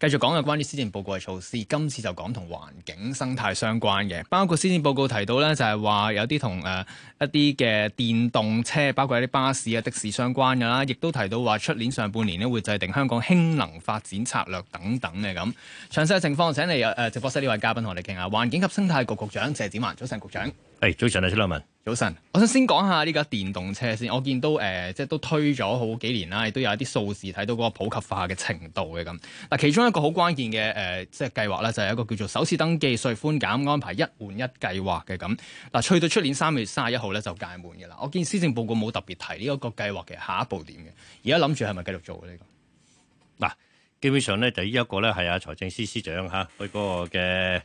繼續講嘅關於施政報告嘅措施，今次就講同環境生態相關嘅，包括施政報告提到咧，就係話有啲同誒一啲嘅電動車，包括一啲巴士啊、的士相關㗎啦，亦都提到話出年上半年咧會制定香港氫能發展策略等等嘅咁。詳細嘅情況請嚟誒、呃、直播室呢位嘉賓同我哋傾下，環境及生態局局、局長謝展寰，早晨局長。誒，hey, 早晨啊，崔立文。早晨，我想先講下呢架電動車先。我見到誒、呃，即係都推咗好幾年啦，亦都有一啲數字睇到嗰個普及化嘅程度嘅咁。嗱，其中一個好關鍵嘅誒，即係計劃啦，就係一個叫做首次登記稅寬減安排一換一計劃嘅咁。嗱，去到出年三月三十一號咧就屆滿嘅啦。我見施政報告冇特別提呢一個計劃嘅下一步點嘅。而家諗住係咪繼續做呢、這個？嗱、啊，基本上咧就有、是、一個咧係啊財政司司長吓、啊、去嗰個嘅。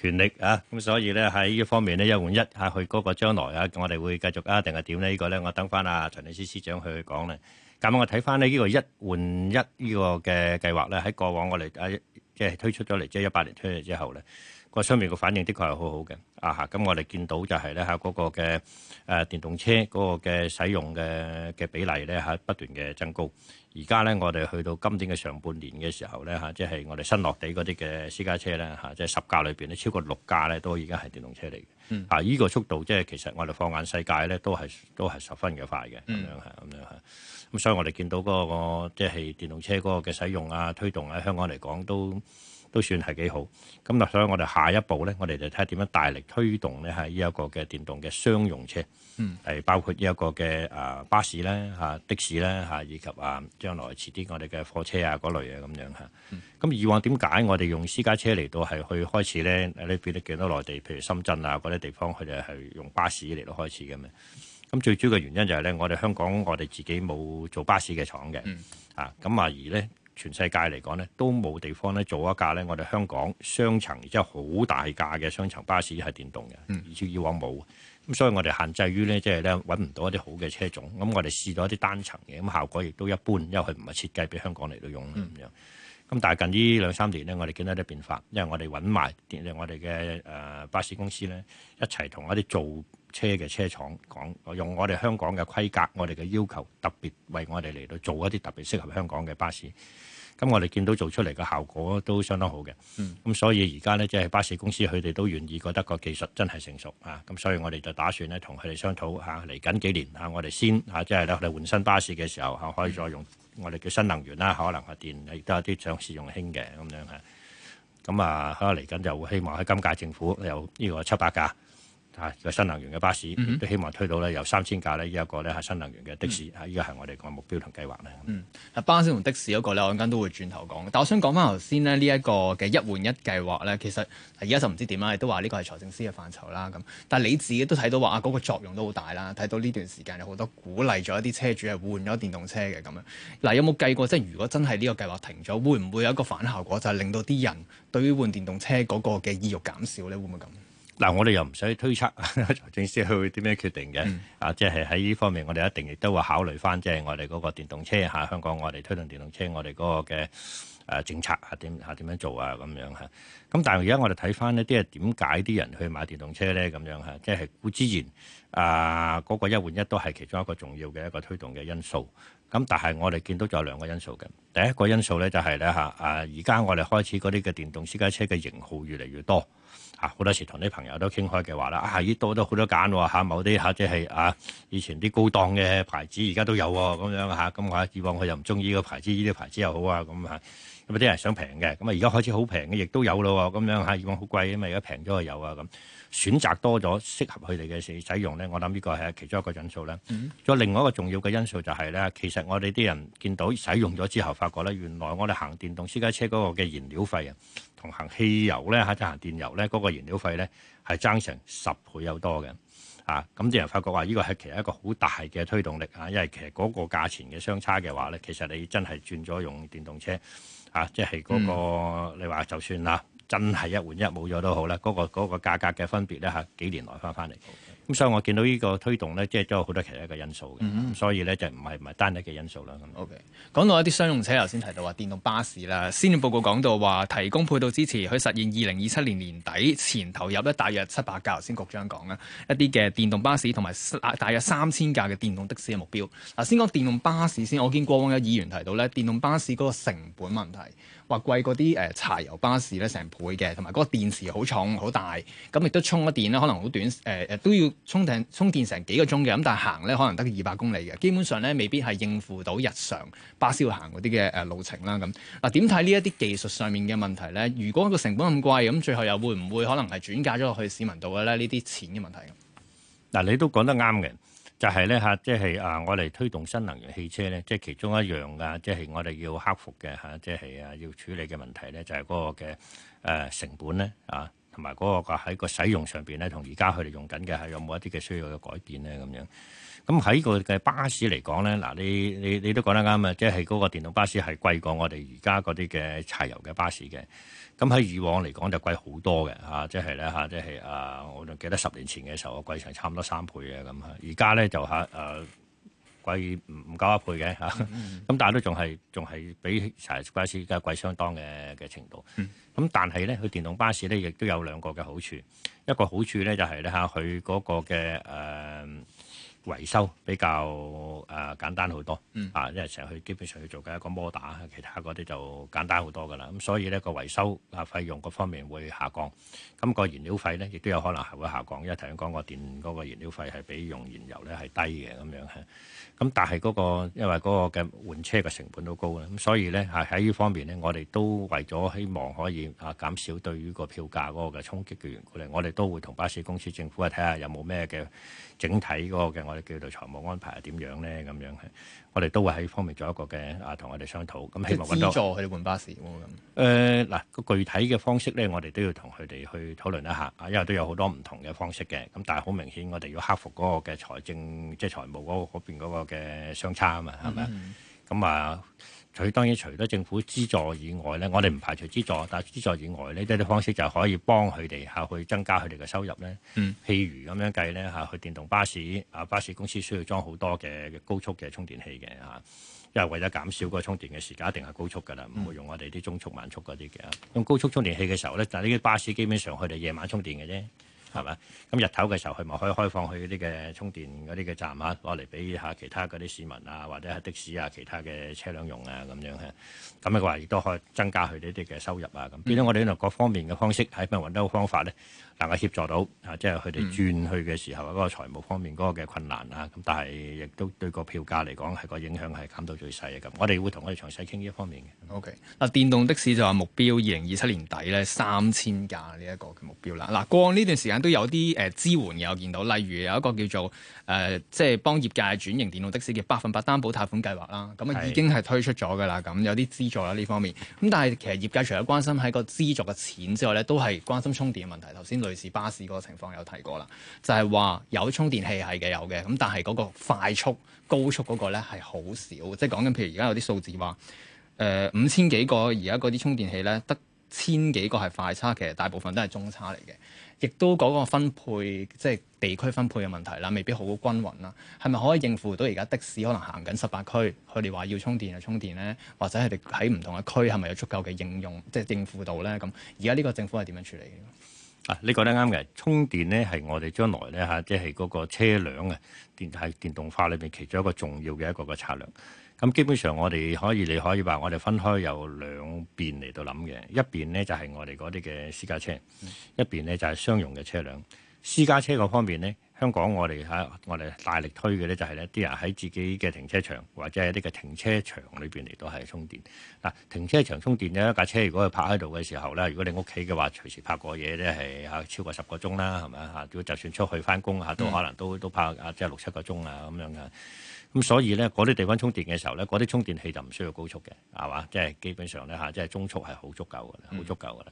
權力啊，咁所以咧喺呢一方面咧一換一下、啊、去嗰個將來啊，我哋會繼續啊，定係點呢？呢個、呢個咧，我等翻阿陳女士司長去，去講啦。咁我睇翻呢依個一換一呢個嘅計劃咧，喺過往我哋啊即係、啊嗯啊嗯、推出咗嚟，即係一八年推出之後咧。個商面嘅反應的確係好好嘅，啊嚇！咁、嗯、我哋見到就係咧嚇嗰個嘅誒電動車嗰個嘅使用嘅嘅比例咧嚇不斷嘅增高。而家咧我哋去到今年嘅上半年嘅時候咧嚇、啊，即係我哋新落地嗰啲嘅私家車咧嚇、啊，即係十架裏邊咧超過六架咧都已經係電動車嚟嘅。嗯。依、啊這個速度即係其實我哋放眼世界咧都係都係十分嘅快嘅。咁樣嚇，咁樣嚇。咁、嗯嗯、所以我哋見到嗰、那個即係、就是、電動車嗰個嘅使用啊，推動喺、啊、香港嚟講都。都算係幾好，咁嗱，所以我哋下一步咧，我哋就睇下點樣大力推動咧，係呢一個嘅電動嘅商用車，係、嗯、包括呢一個嘅啊、呃、巴士咧、哈、啊、的士咧、哈、啊、以及啊將來遲啲我哋嘅貨車啊嗰類嘢咁樣嚇。咁、啊、以往點解我哋用私家車嚟到係去開始咧？你見到幾多內地，譬如深圳啊嗰啲地方，佢哋係用巴士嚟到開始嘅咩？咁最主要嘅原因就係咧，我哋香港我哋自己冇做巴士嘅廠嘅，啊咁而咧。全世界嚟講咧，都冇地方咧做一架咧，我哋香港雙層，即係好大架嘅雙層巴士係電動嘅，而且以往冇。咁所以我哋限制於咧，即係咧揾唔到一啲好嘅車種。咁我哋試咗一啲單層嘅，咁效果亦都一般，因為佢唔係設計俾香港嚟到用咁樣。咁、嗯、但係近呢兩三年咧，我哋見到啲變化，因為我哋揾埋我哋嘅誒巴士公司咧，一齊同一啲做車嘅車廠講，用我哋香港嘅規格，我哋嘅要求特別為我哋嚟到做一啲特別適合香港嘅巴士。咁我哋見到做出嚟嘅效果都相當好嘅。咁、嗯、所以而家呢，即、就、係、是、巴士公司佢哋都願意覺得個技術真係成熟啊。咁所以我哋就打算咧同佢哋商討嚇，嚟、啊、緊幾年啊，我哋先嚇、啊、即係咧我哋換新巴士嘅時候嚇、啊、可以再用我哋嘅新能源啦、啊，可能係電，亦都有啲上市用氫嘅咁樣嚇。咁啊可能嚟緊就希望喺今屆政府有呢個七百架。啊，新能源嘅巴士都、嗯、希望推到咧有三千架呢。呢一個咧係新能源嘅的，的士，啊依個係我哋個目標同計劃咧。嗯、是是巴士同的士嗰個咧，我陣間都會轉頭講。但我想講翻頭先呢，呢一個嘅一換一計劃咧，其實而家就唔知點啦，都話呢個係財政司嘅範疇啦。咁，但係你自己都睇到話啊，嗰個作用都好大啦，睇到呢段時間有好多鼓勵咗一啲車主係換咗電動車嘅咁樣。嗱，有冇計過即係如果真係呢個計劃停咗，會唔會有一個反效果，就係令到啲人對於換電動車嗰個嘅意欲減少咧？會唔會咁？嗱，我哋又唔使推測財政司會點樣決定嘅，嗯、啊，即係喺呢方面，我哋一定亦都會考慮翻，即係我哋嗰個電動車、啊、香港，我哋推動電動車我，我哋嗰個嘅誒政策嚇點嚇點樣做啊咁樣嚇。咁但係而家我哋睇翻呢啲係點解啲人去買電動車咧咁樣嚇？即係固之然啊，嗰、那個一換一都係其中一個重要嘅一個推動嘅因素。咁、啊、但係我哋見到仲有兩個因素嘅，第一個因素咧就係咧嚇啊，而、啊、家我哋開始嗰啲嘅電動私家車嘅型號越嚟越多。啊，好多時同啲朋友都傾開嘅話啦，啊，呢多都好多揀喎嚇，某啲嚇即係啊，以前啲高檔嘅牌子而家都有喎，咁樣嚇，咁嚇以往佢又唔中意呢個牌子，呢啲牌子又好啊，咁嚇，咁啲人想平嘅，咁啊而家開始好平嘅，亦都有咯喎，咁樣嚇，以往好貴啊嘛，而家平咗又有啊咁，選擇多咗，適合佢哋嘅使用咧，我諗呢個係其中一個因素啦。再、嗯、另外一個重要嘅因素就係咧，其實我哋啲人見到使用咗之後，發覺咧，原來我哋行電動私家車嗰個嘅燃料費啊。同行汽油咧嚇，就行電油咧，嗰個燃料費咧係爭成十倍有多嘅啊！咁啲人發覺話，呢個係其實一個好大嘅推動力啊，因為其實嗰個價錢嘅相差嘅話咧，其實你真係轉咗用電動車啊，即係嗰個、嗯、你話就算啦，真係一換一冇咗都好啦，嗰個嗰個價格嘅分別咧嚇，幾年內翻翻嚟。咁所以我見到呢個推動呢，即係都有好多其他嘅因素嘅，嗯嗯，所以呢，就唔係唔係單一嘅因素啦。O K，講到一啲商用車，頭先提到話電動巴士啦，施政報告講到話提供配套支持去實現二零二七年年底前投入呢，大約七百架，先局長講啦，一啲嘅電動巴士同埋大約三千架嘅電動的士嘅目標。嗱，先講電動巴士先，我見過往有議員提到呢，電動巴士嗰個成本問題。話貴嗰啲誒柴油巴士咧成倍嘅，同埋嗰個電池好重好大，咁亦都充咗電咧可能好短誒誒、呃、都要充電充電成幾個鐘嘅，咁但係行咧可能得二百公里嘅，基本上咧未必係應付到日常巴士行嗰啲嘅誒路程啦。咁嗱點睇呢一啲技術上面嘅問題咧？如果個成本咁貴，咁最後又會唔會可能係轉嫁咗落去市民度嘅咧？呢啲錢嘅問題。嗱你都講得啱嘅。就係咧嚇，即係啊，我哋推動新能源汽車咧，即係其中一樣噶，即係我哋要克服嘅嚇，即係啊要處理嘅問題咧，就係嗰個嘅誒成本咧啊，同埋嗰個喺個使用上邊咧，同而家佢哋用緊嘅係有冇一啲嘅需要嘅改變咧咁樣。咁喺個嘅巴士嚟講咧，嗱你你你都講得啱啊，即係嗰個電動巴士係貴過我哋而家嗰啲嘅柴油嘅巴士嘅。咁喺以往嚟講就貴好多嘅嚇、啊，即係咧嚇，即係啊！我仲記得十年前嘅時候，個貴成差唔多三倍嘅咁啊。而家咧就嚇誒、啊、貴唔唔夠一倍嘅嚇，咁、啊嗯嗯、但係都仲係仲係比柴油巴士而家貴相當嘅嘅程度。咁、啊、但係咧，佢電動巴士咧亦都有兩個嘅好處。一個好處咧就係咧嚇，佢嗰個嘅誒。呃維修比較誒簡單好多，嗯、啊，因為成日去基本上去做緊一個摩打，其他嗰啲就簡單好多㗎喇。咁所以呢個維修啊費用嗰方面會下降。咁個燃料費呢亦都有可能係會下降，因為頭先講個電嗰個燃料費係比用燃油呢係低嘅咁樣嘅。咁但係嗰個因為嗰個嘅換車嘅成本都高喇，咁所以呢喺呢方面呢，我哋都為咗希望可以啊減少對於個票價嗰個嘅衝擊嘅緣故嚟，我哋都會同巴士公司、政府啊睇下有冇咩嘅。整體嗰個嘅我哋叫做財務安排係點樣咧？咁樣係，我哋都會喺方面做一個嘅啊，同我哋商討。咁、嗯、希望揾到。即係資助佢哋換巴士咁。誒嗱個具體嘅方式咧，我哋都要同佢哋去討論一下啊，因為都有好多唔同嘅方式嘅。咁但係好明顯，我哋要克服嗰個嘅財政，即係財務嗰個嗰邊嗰個嘅相差啊嘛，係咪啊？咁啊、嗯。嗯嗯嗯。佢當然除咗政府資助以外咧，我哋唔排除資助，但係資助以外咧，呢啲方式就可以幫佢哋嚇去增加佢哋嘅收入咧。嗯、譬如咁樣計咧嚇，去電動巴士啊，巴士公司需要裝好多嘅高速嘅充電器嘅嚇，因為為咗減少嗰個充電嘅時間，一定係高速㗎啦，唔會用我哋啲中速慢速嗰啲嘅。用高速充電器嘅時候咧，但係呢啲巴士基本上佢哋夜晚充電嘅啫。係嘛？咁、嗯、日頭嘅時候，佢咪可以開放佢啲嘅充電嗰啲嘅站嚇，攞嚟俾下其他嗰啲市民啊，或者係的士啊，其他嘅車輛用啊咁樣嘅。咁嘅話亦都可以增加佢啲啲嘅收入啊。咁變咗我哋呢度各方面嘅方式，係咪揾得好方法咧？大家協助到啊，即係佢哋轉去嘅時候嗰個、嗯、財務方面嗰個嘅困難啊，咁但係亦都對個票價嚟講係個影響係減到最細嘅咁。我哋會同佢哋詳細傾呢一方面嘅。O K，嗱電動的士就話目標二零二七年底呢三千架呢一個目標啦。嗱過往呢段時間都有啲誒、呃、支援嘅，我見到，例如有一個叫做誒、呃、即係幫業界轉型電動的士嘅百分百擔保貸款計劃啦，咁啊已經係推出咗㗎啦，咁是有啲資助啦呢方面。咁但係其實業界除咗關心喺個資助嘅錢之外呢，都係關心充電嘅問題。頭先。類似巴士嗰個情況有提過啦，就係話有充電器係嘅，有嘅，咁但係嗰個快速、高速嗰個咧係好少，即係講緊。譬如而家有啲數字話，誒五千幾個，而家嗰啲充電器咧得千幾個係快差，其實大部分都係中差嚟嘅。亦都嗰個分配，即係地區分配嘅問題啦，未必好均勻啦。係咪可以應付到而家的士可能行緊十八區，佢哋話要充電就充電咧，或者係你喺唔同嘅區係咪有足夠嘅應用，即係應付到咧？咁而家呢個政府係點樣處理？啊，呢個咧啱嘅，充電咧係我哋將來咧嚇，即係嗰個車輛嘅電係電動化裏邊其中一個重要嘅一個一個策略。咁基本上我哋可以，你可以話我哋分開有兩邊嚟到諗嘅，一邊咧就係、是、我哋嗰啲嘅私家車，嗯、一邊咧就係、是、商用嘅車輛。私家車嗰方面咧，香港我哋嚇，我哋大力推嘅咧就係咧，啲人喺自己嘅停車場或者係啲嘅停車場裏邊嚟到係充電。嗱，停車場充電咧，一架車如果係泊喺度嘅時候咧，如果你屋企嘅話隨時泊過夜咧係嚇，超過十個鐘啦，係咪啊？只要就算出去翻工嚇，都可能都都泊啊，即係六七個鐘啊咁樣啊。咁所以咧，嗰啲地方充電嘅時候咧，嗰啲充電器就唔需要高速嘅，係嘛？即係基本上咧嚇、啊，即係中速係好足夠嘅啦，好足夠嘅啦。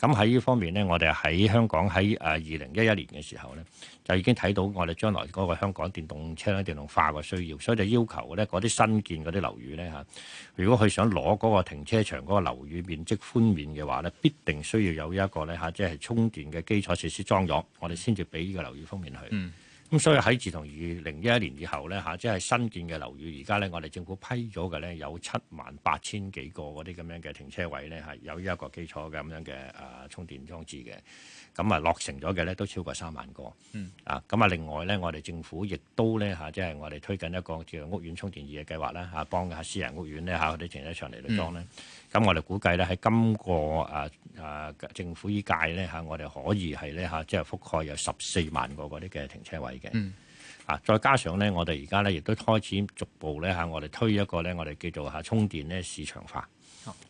咁喺呢方面咧，我哋喺香港喺誒二零一一年嘅時候咧，就已經睇到我哋將來嗰個香港電動車咧電動化嘅需要，所以就要求咧嗰啲新建嗰啲樓宇咧嚇、啊，如果佢想攞嗰個停車場嗰個樓宇面積寬面嘅話咧，必定需要有一個咧嚇、啊，即係充電嘅基礎設施裝咗，我哋先至俾呢個樓宇方面去。嗯咁所以喺自從二零一一年以後咧嚇，即係新建嘅樓宇，而家咧我哋政府批咗嘅咧有七萬八千幾個嗰啲咁樣嘅停車位咧，係有呢一個基礎嘅咁樣嘅誒充電裝置嘅。咁啊落成咗嘅咧都超過三萬個。嗯啊，咁啊另外咧，我哋政府亦都咧嚇，即係我哋推緊一個叫屋苑充電易嘅計劃啦嚇，幫下私人屋苑咧嚇嗰啲停車場嚟到裝咧。嗯咁我哋估計咧喺今個啊啊政府依屆咧嚇，我哋可以係咧嚇，即係覆蓋有十四萬個嗰啲嘅停車位嘅。啊、嗯，再加上咧，我哋而家咧亦都開始逐步咧嚇、啊，我哋推一個咧，我哋叫做嚇、啊、充電咧市場化。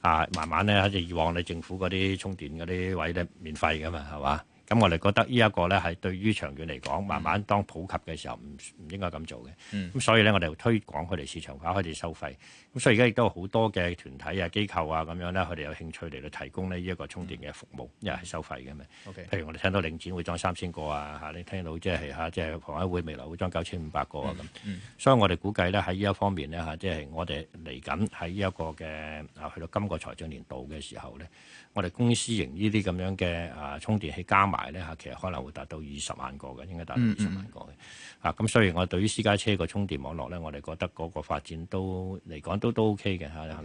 啊，慢慢咧喺以往咧政府嗰啲充電嗰啲位咧免費㗎嘛，係嘛？咁我哋覺得呢一個咧係對於長遠嚟講，嗯、慢慢當普及嘅時候，唔唔應該咁做嘅。咁、嗯、所以咧，我哋推廣佢哋市場化，開始收費。咁、嗯、所以而家亦都有好多嘅團體啊、機構啊咁樣咧，佢哋有興趣嚟到提供呢依一個充電嘅服務，嗯、因為係收費嘅嘛。Okay. 譬如我哋聽到領展會裝三千個啊，嚇你聽到即係嚇，即係房委會未來會裝九千五百個啊咁。嗯嗯、所以我哋估計咧喺呢一方面咧嚇，即係我哋嚟緊喺呢一個嘅啊，去到今個財政年度嘅時候咧，我哋公私營呢啲咁樣嘅啊充電器加埋咧嚇，其實可能會達到二十萬個嘅，應該達到二十萬個嘅。嗯嗯、啊，咁所以我對於私家車個充電網絡咧，我哋覺得嗰個發展都嚟講。都都 OK 嘅嚇，嗱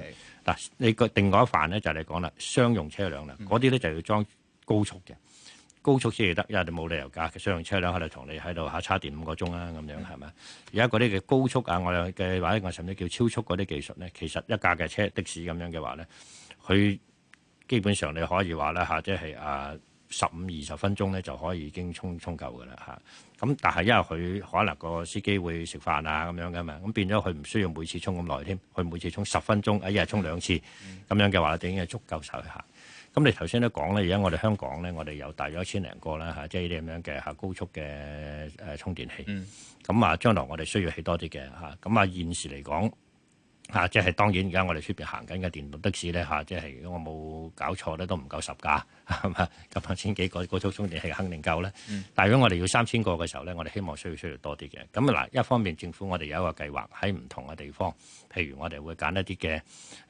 Okay. 你個定嗰一範咧就係你講啦，商用車輛啦，嗰啲咧就要裝高速嘅，mm. 高速先至得，因為你冇理由架嘅商用車輛喺度同你喺度嚇，叉電五個鐘啦？咁樣係咪？而家嗰啲嘅高速啊，我哋嘅話我甚至叫超速嗰啲技術咧，其實一架嘅車的士咁樣嘅話咧，佢基本上你可以話咧嚇，即係啊十五二十分鐘咧就可以已經充充夠㗎啦嚇。啊咁但係因為佢可能個司機會食飯啊咁樣嘅嘛，咁變咗佢唔需要每次充咁耐添，佢每次充十分鐘，誒一日充兩次咁樣嘅話已經係足夠曬行。咁你頭先都講咧，而家我哋香港咧，我哋有大約一千零個啦嚇，即係呢啲咁樣嘅嚇高速嘅誒充電器。咁啊、嗯，將來我哋需要起多啲嘅嚇。咁啊，現時嚟講。啊！即係當然，而家我哋出邊行緊嘅電動的士咧嚇、啊，即係如果我冇搞錯咧，都唔夠十架，係嘛？咁百千幾個高速充電器肯定夠啦。嗯、但如果我哋要三千個嘅時候咧，我哋希望需要需要多啲嘅。咁啊嗱，一方面政府我哋有一個計劃喺唔同嘅地方，譬如我哋會揀一啲嘅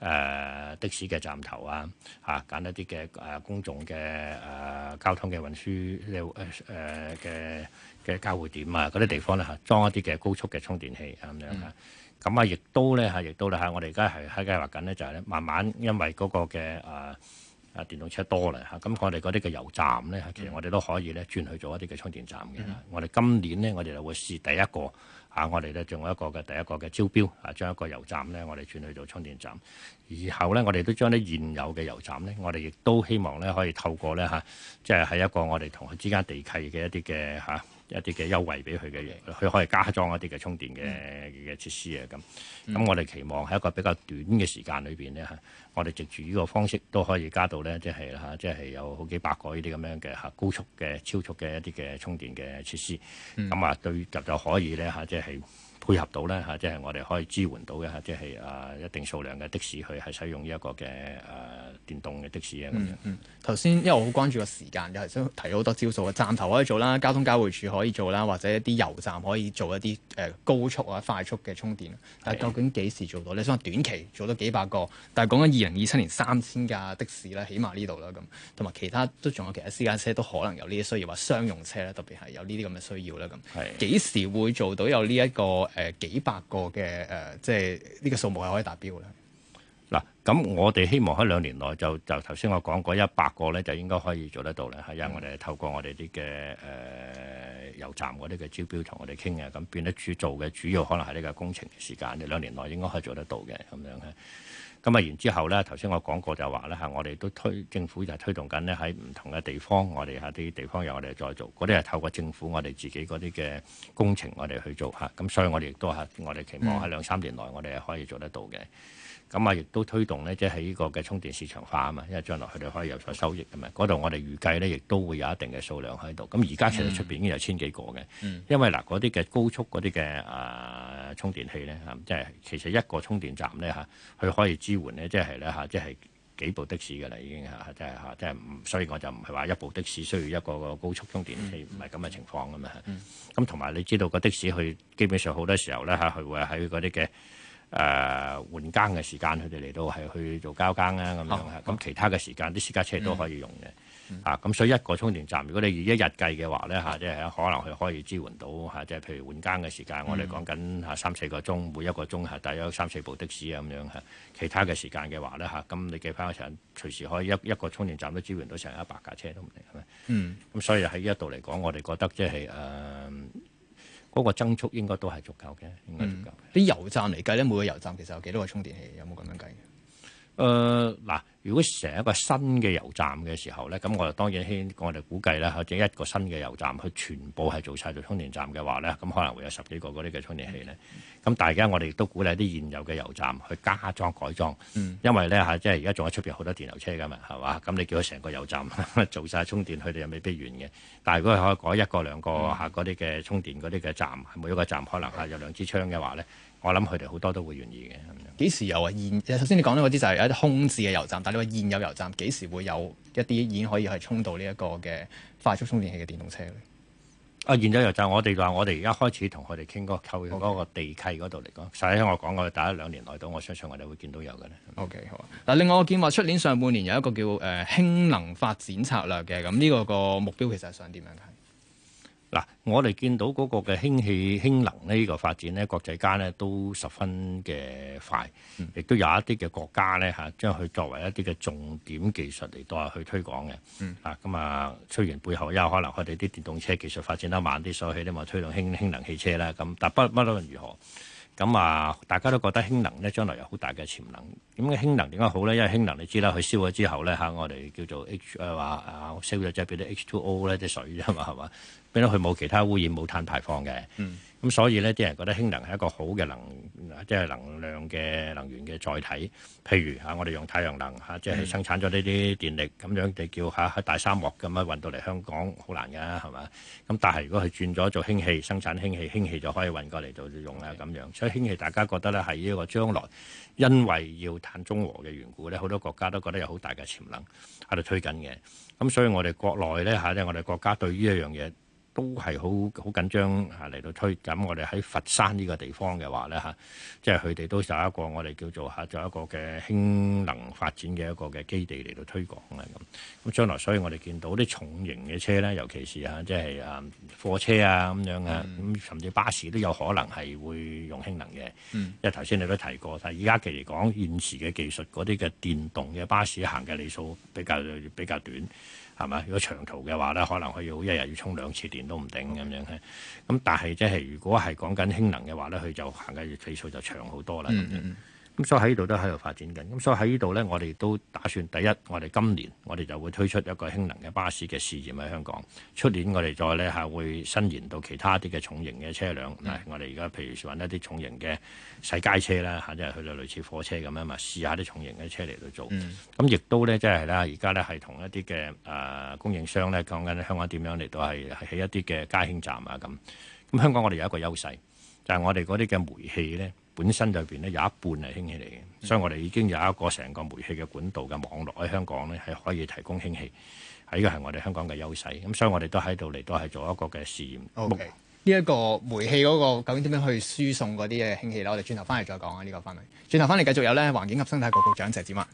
誒的士嘅站頭啊，嚇、啊、揀一啲嘅誒公眾嘅誒、呃、交通嘅運輸誒嘅嘅交匯點啊，嗰啲地方咧嚇、啊、裝一啲嘅高速嘅充電器咁樣嚇。啊嗯啊咁啊，亦都咧，係亦都咧，係我哋而家係喺計劃緊咧，就係咧，慢慢因為嗰個嘅誒誒電動車多啦嚇，咁、啊、我哋嗰啲嘅油站咧，其實我哋都可以咧轉去做一啲嘅充電站嘅、嗯。我哋今年咧，我哋就會試第一個嚇、啊，我哋咧仲有一個嘅第一個嘅招標，將、啊、一個油站咧，我哋轉去做充電站。以後咧，我哋都將啲現有嘅油站咧，我哋亦都希望咧可以透過咧嚇、啊，即係喺一個我哋同佢之間地契嘅一啲嘅嚇。啊一啲嘅優惠俾佢嘅嘢，佢可以加裝一啲嘅充電嘅嘅設施啊，咁。咁、嗯、我哋期望喺一個比較短嘅時間裏邊咧，我哋藉住呢個方式都可以加到咧、即係，即係嚇，即係有好幾百個呢啲咁樣嘅嚇高速嘅超速嘅一啲嘅充電嘅設施，咁啊、嗯、對及就可以咧嚇，即係。配合到咧嚇、啊，即係我哋可以支援到嘅嚇，即係誒一定數量嘅的，的士去，係使用呢一個嘅誒、啊、電動嘅的，的士咧、嗯。嗯嗯，頭先因為我好關注個時間，又係都提咗好多招數，站頭可以做啦，交通交匯處可以做啦，或者啲油站可以做一啲誒、呃、高速啊快速嘅充電。但係究竟幾時做到咧？想話是短期做到幾百個，但係講緊二零二七年三千架的士啦，起碼呢度啦咁，同埋其他都仲有其他私家車都可能有呢啲需要，話商用車咧，特別係有呢啲咁嘅需要啦。咁。係幾時會做到有呢、這、一個？.誒幾百個嘅誒、呃，即係呢個數目係可以達標嘅嗱，咁我哋希望喺兩年內就就頭先我講過一百個咧，就應該可以做得到咧。係、嗯、因為我哋透過我哋啲嘅誒油站嗰啲嘅招標同我哋傾嘅，咁變得主做嘅主要可能係呢個工程嘅時間，你兩年內應該可以做得到嘅咁樣嘅。咁啊，然之後咧，頭先我講過就話咧，係我哋都推政府就推動緊咧，喺唔同嘅地方，我哋喺啲地方由我哋再做，嗰啲係透過政府我哋自己嗰啲嘅工程我哋去做嚇，咁、嗯、所以我哋亦都係，我哋期望喺兩三年內我哋係可以做得到嘅。咁啊，亦都推動咧，即係呢個嘅充電市場化啊嘛，因為將來佢哋可以有所收益㗎嘛。嗰度我哋預計咧，亦都會有一定嘅數量喺度。咁而家其實出邊已經有千幾個嘅，因為嗱，嗰啲嘅高速嗰啲嘅啊充電器咧，即係其實一個充電站咧嚇，佢可以支援咧，即係咧嚇，即係幾部的士㗎啦，已經嚇，即係嚇，即係唔，所以我就唔係話一部的士需要一個個高速充電器唔係咁嘅情況㗎嘛。咁同埋你知道個的士去基本上好多時候咧嚇，佢會喺嗰啲嘅。誒、呃、換更嘅時間，佢哋嚟到係去做交更啊咁好樣啊。咁好其他嘅時間，啲私家車都可以用嘅。嗯、啊，咁所以一個充電站，如果你一日計嘅話咧嚇，即、啊、係、就是、可能佢可以支援到嚇，即、啊、係譬如換更嘅時間，嗯、我哋講緊嚇三四個鐘，每一個鐘嚇，大、啊、概三四部的士啊咁樣嚇。其他嘅時間嘅話咧嚇，咁、啊、你計翻嗰陣，隨時可以一一個充電站都支援到成一百架車都唔定係咪？嗯。咁、啊、所以喺呢一度嚟講，我哋覺得即係誒。呃呃嗰個增速應該都係足夠嘅，應該足夠。啲、嗯、油站嚟計咧，每個油站其實有幾多個充電器？有冇咁樣計？誒嗱、呃，如果成一個新嘅油站嘅時候咧，咁我哋當然希，我哋估計咧，或者一個新嘅油站佢全部係做晒做充電站嘅話咧，咁可能會有十幾個嗰啲嘅充電器咧。咁大家我哋亦都鼓勵啲現有嘅油站去加裝改裝，因為咧嚇，即係而家仲喺出邊好多電油車㗎嘛，係嘛？咁你叫佢成個油站做晒充電，佢哋又未必完嘅。但係如果係可以改一個兩個嚇嗰啲嘅充電嗰啲嘅站，每一個站可能嚇有兩支槍嘅話咧。我諗佢哋好多都會願意嘅。幾時有啊？現首先你講到嗰啲就係一啲空置嘅油站，但係你話現有油站幾時會有一啲已經可以係充到呢一個嘅快速充電器嘅電動車咧？啊，現有油站我哋話我哋而家開始同佢哋傾嗰個地契嗰度嚟講，所以 Okay. 我講嘅第一兩年內到我相信我哋會見到有嘅咧。OK，好啊。嗱，另外我見話出年上半年有一個叫誒氫能發展策略嘅，咁呢個個目標其實想點樣？嗱，我哋見到嗰個嘅氫氣、氫能呢個發展呢，國際間呢都十分嘅快，亦、嗯、都有一啲嘅國家呢，嚇，將佢作為一啲嘅重點技術嚟到去推廣嘅。嗯，啊咁啊，雖然背後有可能我哋啲電動車技術發展得慢啲，所以咧咪推動氫氫能汽車啦。咁，但不不論如何。咁啊，大家都覺得氫能咧，將來有好大嘅潛能。咁氫能點解好咧？因為氫能你知啦，佢燒咗之後咧嚇，我哋叫做 H 啊話啊燒咗，即係變咗 H2O 咧，即係水啫嘛，係嘛？變咗佢冇其他污染，冇碳排放嘅。嗯。咁所以呢啲人覺得氫能係一個好嘅能，即係能量嘅能源嘅載體。譬如嚇，我哋用太陽能嚇，即係生產咗呢啲電力，咁、嗯、樣你叫下「喺大沙漠咁樣運到嚟香港好難㗎，係嘛？咁但係如果係轉咗做氫氣生產，氫氣氫氣就可以運過嚟度用啊咁是樣。所以氫氣大家覺得呢係呢個將來，因為要碳中和嘅緣故呢，好多國家都覺得有好大嘅潛能喺度推緊嘅。咁、嗯、所以我哋國內咧嚇咧，我哋國家對呢一樣嘢，都係好好緊張嚇嚟到推，咁、啊、我哋喺佛山呢個地方嘅話咧嚇、啊，即係佢哋都有一個我哋叫做嚇，有、啊、一個嘅氫能發展嘅一個嘅基地嚟到推廣嘅咁。咁、啊、將、啊、來所以我哋見到啲重型嘅車咧，尤其是嚇即係啊貨車啊咁樣啊，咁、嗯、甚至巴士都有可能係會用氫能嘅。嗯、因為頭先你都提過，但係依家其實講現時嘅技術嗰啲嘅電動嘅巴士行嘅里數比較比較，比較短。係嘛？如果長途嘅話咧，可能佢要一日要充兩次電都唔定咁樣嘅。咁、嗯、但係即係如果係講緊氫能嘅話咧，佢就行嘅月次數就長好多啦。嗯嗯咁所以喺呢度都喺度發展緊。咁所以喺呢度呢，我哋都打算第一，我哋今年我哋就會推出一個氫能嘅巴士嘅試驗喺香港。出年我哋再呢嚇會伸延到其他啲嘅重型嘅車輛。嗱、嗯，我哋而家譬如揾一啲重型嘅洗街車啦嚇，即係去到類似火車咁樣嘛，試一下啲重型嘅車嚟到做。咁亦都呢，即係咧，而家呢係同一啲嘅誒供應商呢講緊香港點樣嚟到係起一啲嘅加氫站啊，咁。咁香港我哋有一個優勢，就係、是、我哋嗰啲嘅煤氣呢。本身裏邊咧有一半係氫氣嚟嘅，嗯、所以我哋已經有一個成個煤氣嘅管道嘅網絡喺香港呢係可以提供氫氣，係依個係我哋香港嘅優勢。咁所以我哋都喺度嚟，都係做一個嘅試驗。呢一、okay，個煤氣嗰、那個究竟點樣去輸送嗰啲嘅氫氣呢？我哋轉頭翻嚟再講啊！呢、這個嚟轉頭翻嚟繼續有呢環境及生態局局長謝展寰。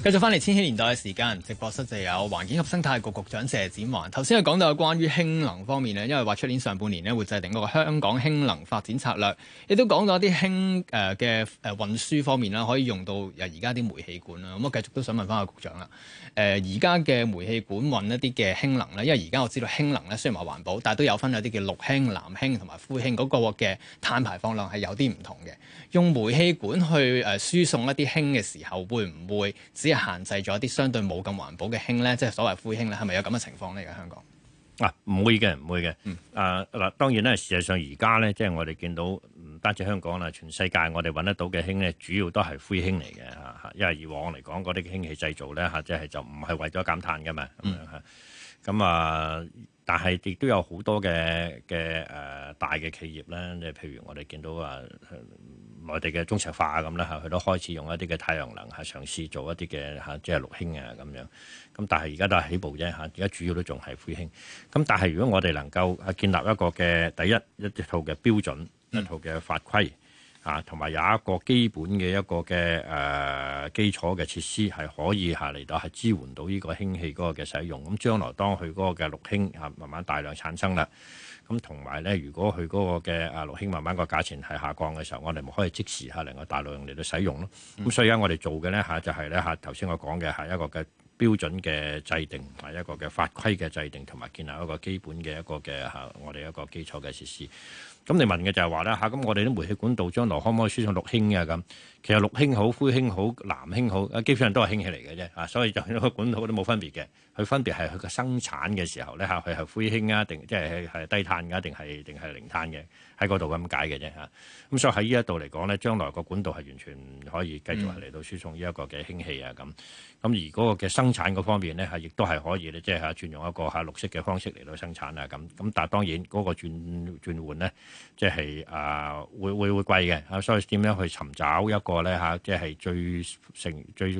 繼續翻嚟千禧年代嘅時間，直播室就有環境及生態局局長謝展寰。頭先佢講到有關於氫能方面咧，因為話出年上半年咧會制定嗰個香港氫能發展策略，亦都講到一啲氫誒嘅誒運輸方面啦，可以用到而家啲煤氣管啦。咁我繼續都想問翻個局長啦。誒、呃，而家嘅煤氣管運一啲嘅氫能咧，因為而家我知道氫能咧雖然話環保，但係都有分有啲叫綠氫、藍氫同埋灰氫，嗰、嗰個嘅碳排放量係有啲唔同嘅。用煤氣管去誒輸送一啲氫嘅時候，會唔會？啲限制咗一啲相對冇咁環保嘅氫咧，即係所謂灰氫咧，係咪有咁嘅情況咧？而家香港啊，唔會嘅，唔會嘅。嗯、啊嗱，當然咧，事實上而家咧，即係我哋見到唔單止香港啦，全世界我哋揾得到嘅氫咧，主要都係灰氫嚟嘅嚇。因為以往嚟講，嗰啲氫氣製造咧嚇，即係就唔係為咗減碳噶嘛、嗯。嗯。咁啊，但係亦都有好多嘅嘅誒大嘅企業咧，你譬如我哋見到話。嗯我哋嘅中石化咁啦嚇，佢都開始用一啲嘅太陽能嚇，嘗試做一啲嘅嚇，即係綠氫啊咁樣。咁但係而家都係起步啫嚇，而、啊、家主要都仲係灰氫。咁、啊、但係如果我哋能夠啊建立一個嘅第一一套嘅標準、一套嘅法規啊，同埋有一個基本嘅一個嘅誒、啊、基礎嘅設施，係可以下嚟、啊、到係支援到呢個氫氣嗰個嘅使用。咁、啊、將來當佢嗰個嘅綠氫啊慢慢大量產生啦。咁同埋咧，如果佢嗰個嘅阿陸興慢慢個價錢係下降嘅時候，我哋咪可以即時下嚟個大陸嚟到使用咯。咁、嗯啊、所以而家我哋做嘅咧嚇就係咧嚇，頭先我講嘅係一個嘅標準嘅制定同一個嘅法規嘅制定，同埋建立一個基本嘅一個嘅嚇、啊、我哋一個基礎嘅設施。咁你問嘅就係話咧嚇，咁我哋啲煤氣管道將來可唔可以輸送綠氫啊咁？其實綠氫好、灰氫好、藍氫好，啊基本上都係氫氣嚟嘅啫，啊所以就佢個管道都冇分別嘅，佢分別係佢嘅生產嘅時候咧嚇，佢係灰氫啊，定即係係低碳嘅啊，定係定係零碳嘅，喺嗰度咁解嘅啫嚇。咁所以喺呢一度嚟講咧，將來個管道係完全可以繼續係嚟到輸送呢一個嘅氫氣啊咁。嗯咁而嗰個嘅生產嗰方面呢，係亦都係可以咧，即係嚇轉用一個嚇綠色嘅方式嚟到生產啊！咁咁，但係當然嗰個轉轉換咧，即係啊，會會會貴嘅啊，所以點樣去尋找一個呢？嚇、啊，即係最成最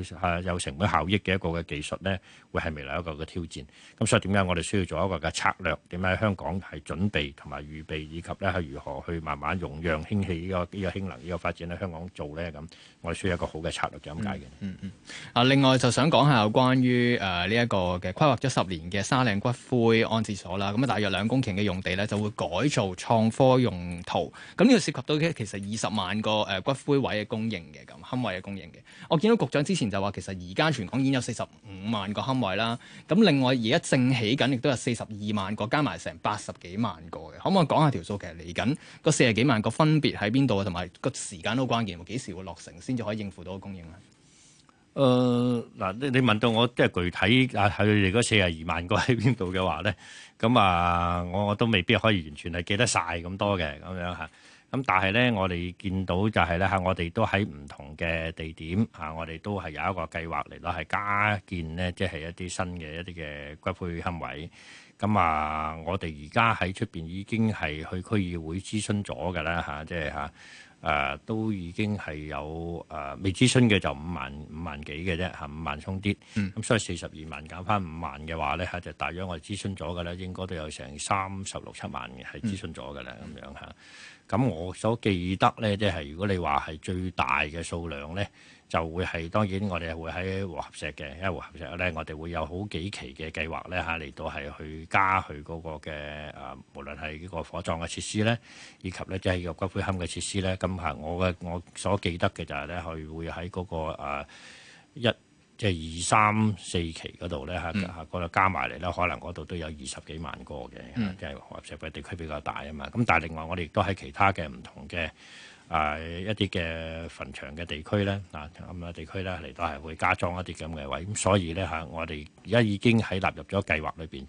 有成本效益嘅一個嘅技術呢，會係未來一個嘅挑戰。咁所以點解我哋需要做一個嘅策略？點解香港係準備同埋預備，以及呢係如何去慢慢容讓氫氣呢個呢個氫能呢個發展喺香港做呢？咁我哋需要一個好嘅策略就咁解嘅。嗯嗯。啊，另外就是我就想講下有關於誒呢一個嘅規劃咗十年嘅沙嶺骨灰安置所啦，咁啊，大約兩公頃嘅用地咧就會改造創科用途，咁呢個涉及到嘅其實二十萬個誒骨灰位嘅供應嘅，咁坑位嘅供應嘅。我見到局長之前就話，其實而家全港已經有四十五萬個坑位啦，咁另外而家正起緊亦都有四十二萬個，加埋成八十幾萬個嘅，可唔可以講下條數？其實嚟緊個四十幾萬個分別喺邊度？同埋個時間都好關鍵，幾時會落成先至可以應付到個供應咧？誒嗱，你、呃、你問到我即係具體啊，佢哋嗰四十二萬個喺邊度嘅話咧，咁啊，我我都未必可以完全係記得晒咁多嘅咁樣吓，咁但係咧，我哋見到就係、是、咧，喺、啊、我哋都喺唔同嘅地點嚇、啊，我哋都係有一個計劃嚟到係加建呢，即係一啲新嘅一啲嘅骨灰龕位。咁啊，我哋而家喺出邊已經係去區議會諮詢咗㗎喇吓，即係嚇。啊誒、呃、都已經係有誒、呃、未諮詢嘅就五萬五萬幾嘅啫，嚇，五萬衝啲，咁、嗯、所以四十二萬減翻五萬嘅話咧，嚇，就大約我哋諮詢咗㗎喇，應該都有成三十六七萬嘅係諮詢咗㗎喇咁樣嚇。咁我所記得咧，即係如果你話係最大嘅數量咧。就會係當然，我哋會喺和合石嘅，因為和合石咧，我哋會有好幾期嘅計劃咧嚇，嚟、啊、到係去加佢嗰個嘅誒、啊，無論係呢個火葬嘅設施咧，以及咧即係入骨灰龕嘅設施咧。咁、嗯、嚇，我嘅我所記得嘅就係咧、那個，佢會喺嗰個一即係二三四期嗰度咧嚇嚇度加埋嚟啦。可能嗰度都有二十幾萬個嘅，即係、嗯啊就是、和合石嘅地區比較大啊嘛。咁但係另外我哋亦都喺其他嘅唔同嘅。誒、啊、一啲嘅墳場嘅地區咧，嗱咁嘅地區咧嚟到係會加裝一啲咁嘅位，咁所以咧嚇、啊，我哋而家已經喺納入咗計劃裏邊，誒、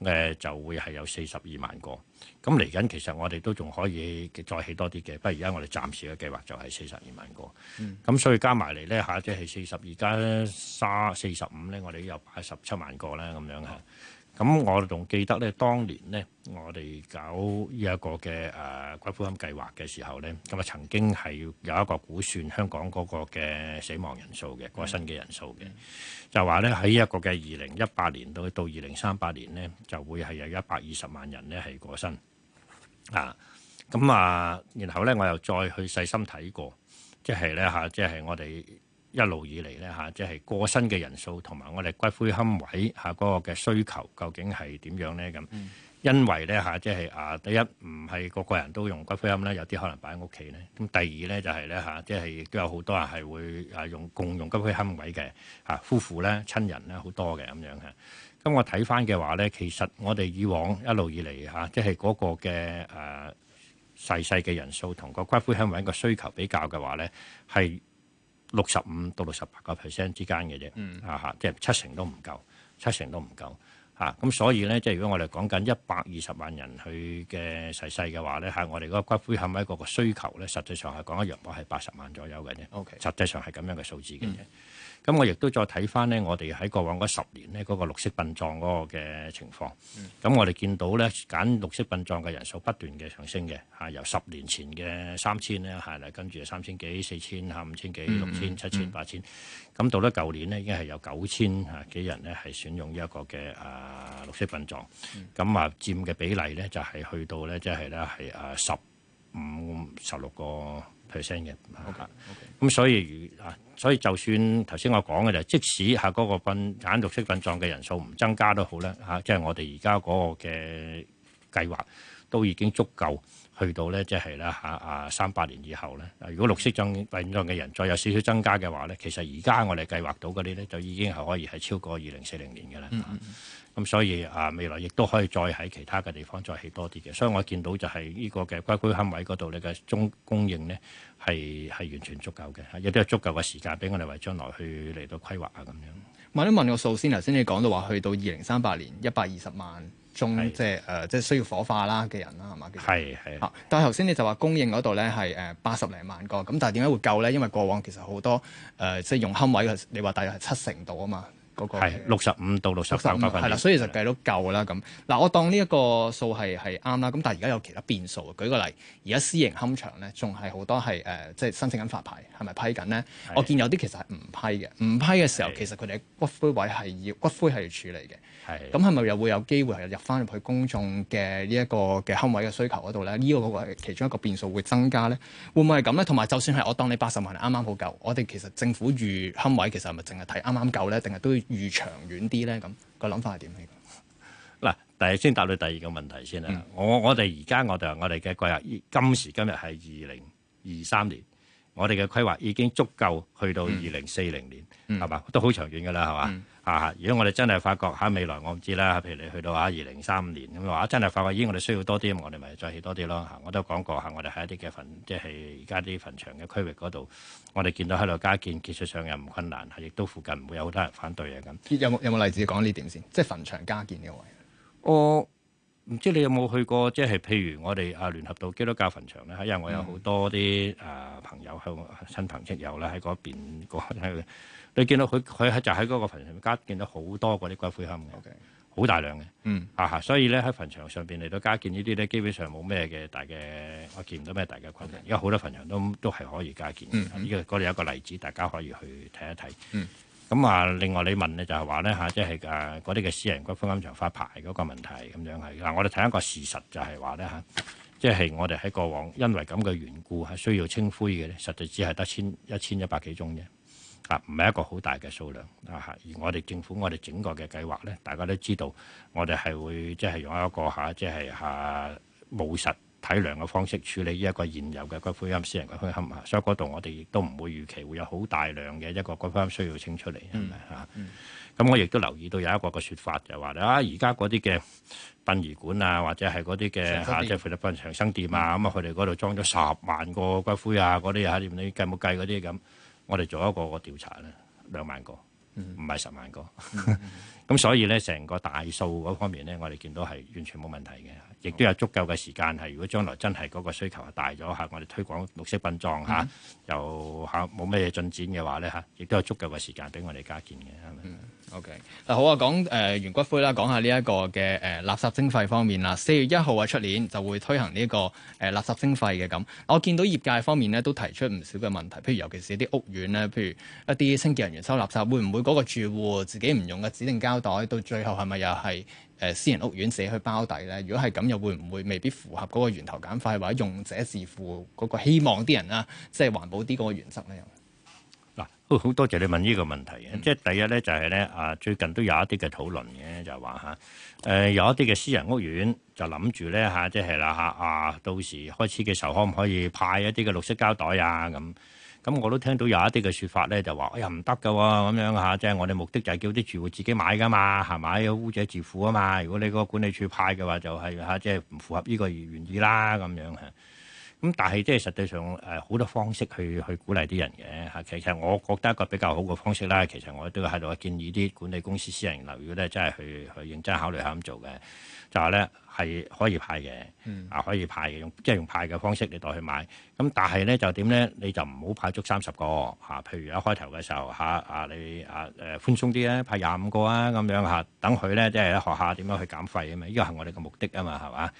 呃、就會係有四十二萬個。咁嚟緊其實我哋都仲可以再起多啲嘅，不過而家我哋暫時嘅計劃就係四十二萬個。嗯，咁所以加埋嚟咧嚇，即係四十二加沙，四十五咧，我哋有八十七萬個咧，咁樣嚇。嗯咁我仲記得咧，當年呢，我哋搞一個嘅誒骨灰龕計劃嘅時候呢，咁啊曾經係有一個估算，香港嗰個嘅死亡人數嘅過身嘅人數嘅，嗯、就話呢，喺一個嘅二零一八年到到二零三八年呢，就會係有一百二十萬人呢係過身啊！咁啊，然後呢，我又再去細心睇過，即係呢，嚇，即係我哋。一路以嚟咧嚇，即係過身嘅人數同埋我哋骨灰龕位嚇嗰個嘅需求究竟係點樣咧咁？嗯、因為咧嚇、啊，即係啊第一唔係個個人都用骨灰龕咧，有啲可能擺喺屋企咧。咁第二咧就係咧嚇，即係都有好多人係會啊用共用骨灰龕位嘅嚇、啊，夫婦咧、親人咧好多嘅咁樣嘅。咁、啊、我睇翻嘅話咧，其實我哋以往一路以嚟嚇、啊，即係嗰個嘅誒、啊、細細嘅人數同個骨灰龕位個需求比較嘅話咧，係。六十五到六十八個 percent 之間嘅啫，嗯、啊嚇，即係七成都唔夠，七成都唔夠，嚇、啊、咁所以咧，即係如果我哋講緊一百二十萬人佢嘅逝世嘅話咧，喺、啊、我哋嗰個骨灰盒咪嗰個需求咧，實際上係講一樣我係八十萬左右嘅啫，Okay. 實際上係咁樣嘅數字嘅。啫、嗯。咁我亦都再睇翻呢，我哋喺過往嗰十年呢，嗰個綠色殯葬嗰個嘅情況。咁我哋見到呢，揀綠色殯葬嘅人數不斷嘅上升嘅嚇，由十年前嘅三千呢，係啦，跟住三千幾、四千嚇、五千幾、六千、七千、八千，咁到呢舊年呢，已經係有九千嚇幾人呢，係選用呢一個嘅啊綠色殯葬，咁啊佔嘅比例呢，就係去到呢，即係呢，係啊十五十六個 percent 嘅，咁 Okay ,、okay. 嗯、所以如啊，所以就算頭先我講嘅就即使係嗰個揀綠色殯葬嘅人數唔增加都好啦。嚇、啊，即、就、係、是、我哋而家嗰個嘅計劃都已經足夠去到咧，即係啦嚇啊三百、啊、年以後咧、啊，如果綠色殯葬嘅人再有少少增加嘅話咧，其實而家我哋計劃到嗰啲咧，就已經係可以係超過二零四零年嘅啦。嗯嗯咁、嗯、所以啊，未來亦都可以再喺其他嘅地方再起多啲嘅。所以我見到就係呢個嘅歸居龕位嗰度，你嘅中供應咧係係完全足夠嘅，都有啲係足夠嘅時間俾我哋為將來去嚟到規劃啊咁樣。問一問個數先，頭先你講到話去到二零三八年一百二十萬宗的、呃，即係誒，即係需要火化啦嘅人啦，係嘛的？係係的。但係頭先你就話供應嗰度咧係誒八十零萬個，咁但係點解會夠咧？因為過往其實好多誒、呃，即係用龕位你話大約係七成度啊嘛。係六十五到六十八百分，係啦，所以就計到夠啦咁。嗱，我當呢一個數係係啱啦。咁但係而家有其他變數啊。舉個例，而家私營龕場咧，仲係好多係誒、呃，即係申請緊發牌，係咪批緊咧？是的 我見有啲其實係唔批嘅，唔批嘅時候，是的 其實佢哋嘅骨灰位係要骨灰係要處理嘅。咁係咪又會有機會係入翻入去公眾嘅呢一個嘅坑位嘅需求嗰度咧？呢、嗰個其中一個變數會增加咧，會唔會係咁咧？同埋就算係我當你八十萬啱啱好夠，我哋其實政府預坑位其實係咪淨係睇啱啱夠咧，定係都要預長遠啲咧？咁、個諗法係點咧？嗱，第一先答你第二個問題先啦、嗯。我我哋而家我哋我哋嘅規劃今時今日係二零二三年，我哋嘅規劃已經足夠去到二零四零年，係嘛、嗯嗯、都好長遠㗎啦，係嘛？嗯啊！如果我哋真係發覺喺未來，我唔知啦。譬如你去到啊二零三年咁話，真係發覺咦，我哋需要多啲，我哋咪再起多啲咯。我都講過，嚇我哋喺一啲嘅墳，即係而家啲墳場嘅區域嗰度，我哋見到喺度加建，技術上又唔困難，係亦都附近唔會有好多人反對嘅咁。有冇有冇例子講呢點先？即係墳場加建嘅位。我。唔知你有冇去過，即係譬如我哋啊聯合道基督教墳場咧，因為我有好多啲啊朋友、鄉親、嗯、朋友啦，喺嗰邊你見到佢，佢就喺嗰個墳場上加見到好多嗰啲骨灰龕嘅，好 Okay. 大量嘅，嗯啊，所以咧喺墳場上邊嚟到加建呢啲咧，基本上冇咩嘅大嘅，我見唔到咩大嘅困難，而家好多墳場都都係可以加建，呢個嗰度有個例子，大家可以去睇一睇。嗯咁啊，另外你問咧就係話咧嚇，即係誒嗰啲嘅私人骨灰龕場發牌嗰個問題咁樣係嗱，我哋睇一個事實就係話咧嚇，即係我哋喺過往因為咁嘅緣故係需要清灰嘅咧，實際只係得千一千一百幾宗啫，啊唔係一個好大嘅數量啊嚇，而我哋政府我哋整個嘅計劃咧，大家都知道我哋係會即係用一個嚇即係嚇務實。就是體諒嘅方式處理呢一個現有嘅骨灰龕私人嘅墟冚啊，所以嗰度我哋亦都唔會預期會有好大量嘅一個骨灰龕需要清出嚟，係咪？嗯嗯、啊？咁我亦都留意到有一個嘅説法，就話、是、咧啊，而家嗰啲嘅殯儀館啊，或者係嗰啲嘅嚇即係菲律賓長生店啊，咁啊佢哋嗰度裝咗十萬個骨灰啊，嗰啲嚇你計冇計嗰啲咁？我哋做一個個調查咧，兩萬個。唔係十萬個，咁 所以呢，成個大數嗰方面呢，我哋見到係完全冇問題嘅，亦都有足夠嘅時間係。如果將來真係嗰個需求係大咗嚇，我哋推廣綠色殯葬嚇，又嚇冇咩進展嘅話呢，嚇、啊，亦都有足夠嘅時間俾我哋加建嘅。啊嗯 OK，嗱好啊，講誒完骨灰啦，講下呢一個嘅誒垃圾徵費方面啦。四月一號啊，出年就會推行呢一個垃圾徵費嘅咁。我見到業界方面呢都提出唔少嘅問題，譬如尤其是啲屋苑呢，譬如一啲清潔人員收垃圾，會唔會嗰個住戶自己唔用嘅指定膠袋，到最後係咪又係誒私人屋苑自己去包底呢？如果係咁，又會唔會未必符合嗰個源頭減廢或者用者自負嗰個希望啲人啊，即係環保啲嗰個原則呢？好多謝你問呢個問題嘅，即係第一咧就係咧啊，最近都有一啲嘅討論嘅，就話嚇誒有一啲嘅私人屋苑就諗住咧嚇，即係啦嚇啊，到時開始嘅時候可唔可以派一啲嘅綠色膠袋啊咁？咁我都聽到有一啲嘅説法咧，就話哎呀唔得噶喎咁樣嚇，即係我哋目的就係叫啲住戶自己買噶嘛，係咪有污者自付啊嘛。如果你個管理處派嘅話，就係嚇即係唔符合呢個原意啦咁樣嚇。咁但係即係實際上誒好多方式去去鼓勵啲人嘅嚇，其實我覺得一個比較好嘅方式啦，其實我都喺度建議啲管理公司、私人樓，如果咧真係去去認真考慮下咁做嘅，就係、是、咧。係可以派嘅，啊可以派嘅，用即係、就是、用派嘅方式嚟代去買。咁但係咧就點咧？你就唔好派足三十個嚇、啊。譬如一開頭嘅時候嚇，啊你啊誒、呃、寬鬆啲啊，派廿五個啊咁樣嚇。等佢咧即係學下點樣去減廢啊嘛。呢個係我哋嘅目的啊嘛，係嘛？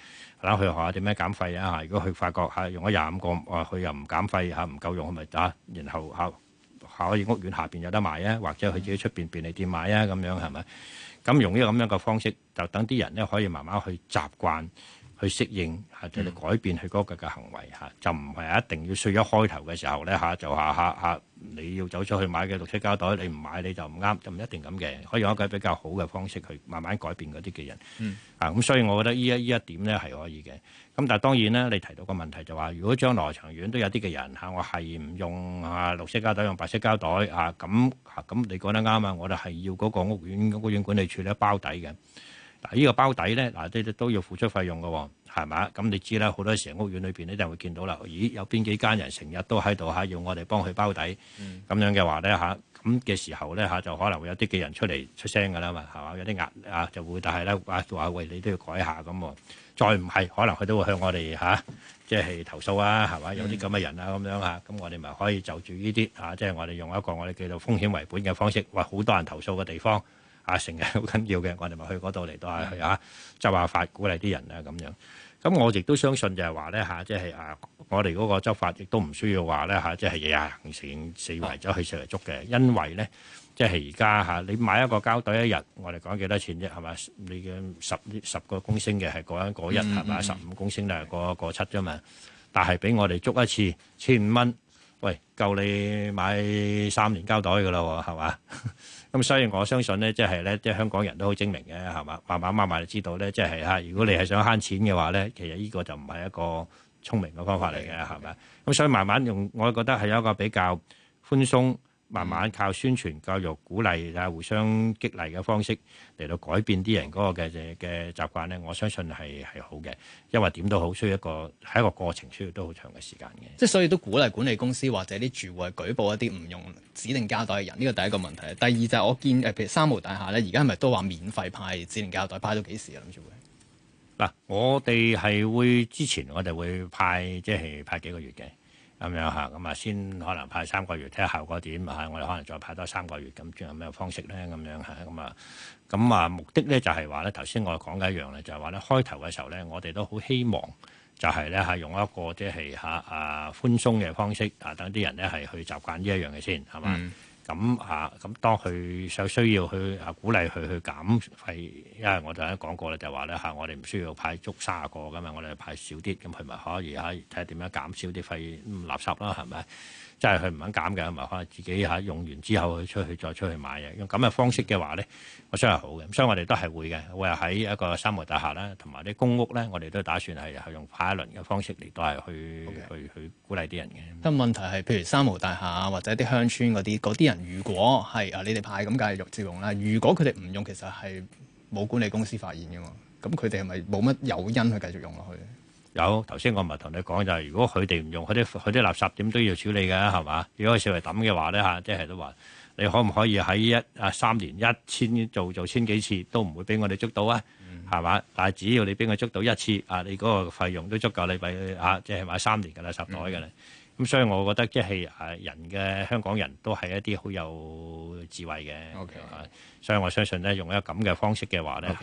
等佢學下點樣減廢啊嚇。如果佢發覺嚇用咗廿五個，哇、啊、佢又唔減廢嚇，唔、啊、夠用，係咪、啊，然後嚇可以屋苑下邊有得買啊，或者佢自己出邊便利店買啊咁樣係咪？咁用呢個咁樣嘅方式，就等啲人咧可以慢慢去習慣、去適應嚇，同、啊、埋、即係、改變佢嗰個嘅行為嚇、啊，就唔係一定要衰一開頭嘅時候咧嚇、啊，就下下下。啊啊你要走出去買嘅綠色膠袋，你唔買你就唔啱，就唔一定咁嘅，可以用一個比較好嘅方式去慢慢改變嗰啲嘅人。嗯、啊，咁所以我覺得依一依一,一點咧係可以嘅。咁但係當然咧，你提到個問題就話、是，如果將來長遠都有啲嘅人嚇、啊，我係唔用啊綠色膠袋、啊，用白色膠袋啊，咁咁你講得啱啊，啊啊我哋係要嗰個屋苑屋苑管理處咧包底嘅。嗱，依個包底咧，嗱、啊，都都要付出費用嘅喎、哦。係嘛咁？你知啦，好多時屋苑裏邊呢就係會見到啦。咦？有邊幾間人成日都喺度吓，要我哋幫佢包底咁、嗯、樣嘅話咧吓，咁嘅時候咧吓，就可能會有啲嘅人出嚟出聲噶啦嘛係嘛？有啲壓啊，就會但係咧話喂，你都要改下咁。再唔係可能佢都會向我哋吓、啊，即係投訴啊係嘛？有啲咁嘅人啊咁樣嚇咁，我哋咪可以就住呢啲嚇，即係我哋用一個我哋叫做風險為本嘅方式。喂、啊，好多人投訴嘅地方啊，成日好緊要嘅，我哋咪去嗰度嚟到去啊，嗯、執下法鼓勵啲人啊咁樣。咁我亦都相信就係話咧吓，即係啊，我哋嗰個執法亦都唔需要話咧吓，即係日日行四圍走去四圍捉嘅，好因為咧即係而家吓，你買一個膠袋一日，我哋講幾多錢啫？係嘛，你嘅十十個公升嘅係個一，個一係嘛，吧十五公升咧個個七啫嘛，但係俾我哋捉一次千五蚊，喂，夠你買三年膠袋噶啦，係嘛.？ 咁、嗯、所以我相信咧，即係咧，即係香港人都好精明嘅，係嘛？慢慢慢慢就知道咧，即係嚇，如果你係想慳錢嘅話咧，其實呢個就唔係一個聰明嘅方法嚟嘅，係咪？咁的、嗯、所以慢慢用，我覺得係有一個比較寬鬆。慢慢靠宣傳教育、鼓勵啊，互相激勵嘅方式嚟到改變啲人嗰個嘅嘅習慣咧，我相信係係好嘅。因為點都好，需要一個係一個過程，需要都好長嘅時間嘅。即係所以都鼓勵管理公司或者啲住戶去舉報一啲唔用指定膠袋嘅人，呢個第一個問題。第二就係我見誒，譬如三毛大廈咧，而家係咪都話免費派指定膠袋？派到幾時啊？諗住會嗱，我哋係會之前我哋會派，即係派幾個月嘅。咁樣嚇，咁啊先可能派三個月睇下效果點嚇，啊，我哋可能再派多三個月，咁轉下咩方式咧，咁樣嚇，咁啊咁啊目的咧就係話咧，頭先我講嘅一樣咧，就係話咧，開頭嘅時候咧，我哋都好希望就係咧係用一個即係嚇啊，啊寬鬆嘅方式啊，等啲人咧係去習慣呢一樣嘅先係嘛。嗯咁、嗯、啊，咁當佢有需要去啊，鼓勵佢去減廢，因為我頭先講過咧，就話咧嚇，我哋唔需要派足卅個噶嘛，我哋派少啲，咁佢咪可以睇下點樣減少啲廢、嗯、垃圾啦，係咪？真係佢唔肯減嘅，咁啊可能自己嚇用完之後去出去再出去買嘢。用咁嘅方式嘅話咧，我相信好嘅。所以我哋都係會嘅，會喺一個三無大廈啦，同埋啲公屋咧，我哋都打算係係用派一輪嘅方式嚟，都係 Okay. 去去去鼓勵啲人嘅。但問題係，譬如三無大廈或者啲鄉村嗰啲，嗰啲人如果係啊你哋派咁，梗係用照用啦。如果佢哋唔用，其實係冇管理公司發現嘅嘛。咁佢哋係咪冇乜誘因去繼續用落去？有頭先，我咪同你講就係，如果佢哋唔用佢啲，佢啲垃圾點都要處理㗎係嘛？如果佢視為抌嘅話咧嚇，即係都話你可唔可以喺一啊三年一千做做千幾次都唔會俾我哋捉到啊？係嘛？嗯、但係只要你俾我捉到一次啊，你嗰個費用都足夠你買嚇即係買三年嘅垃圾袋㗎啦。咁、嗯、所以我覺得即係、啊人嘅香港人都係一啲好有智慧嘅。Okay. 所以我相信咧，用一個咁嘅方式嘅話咧，係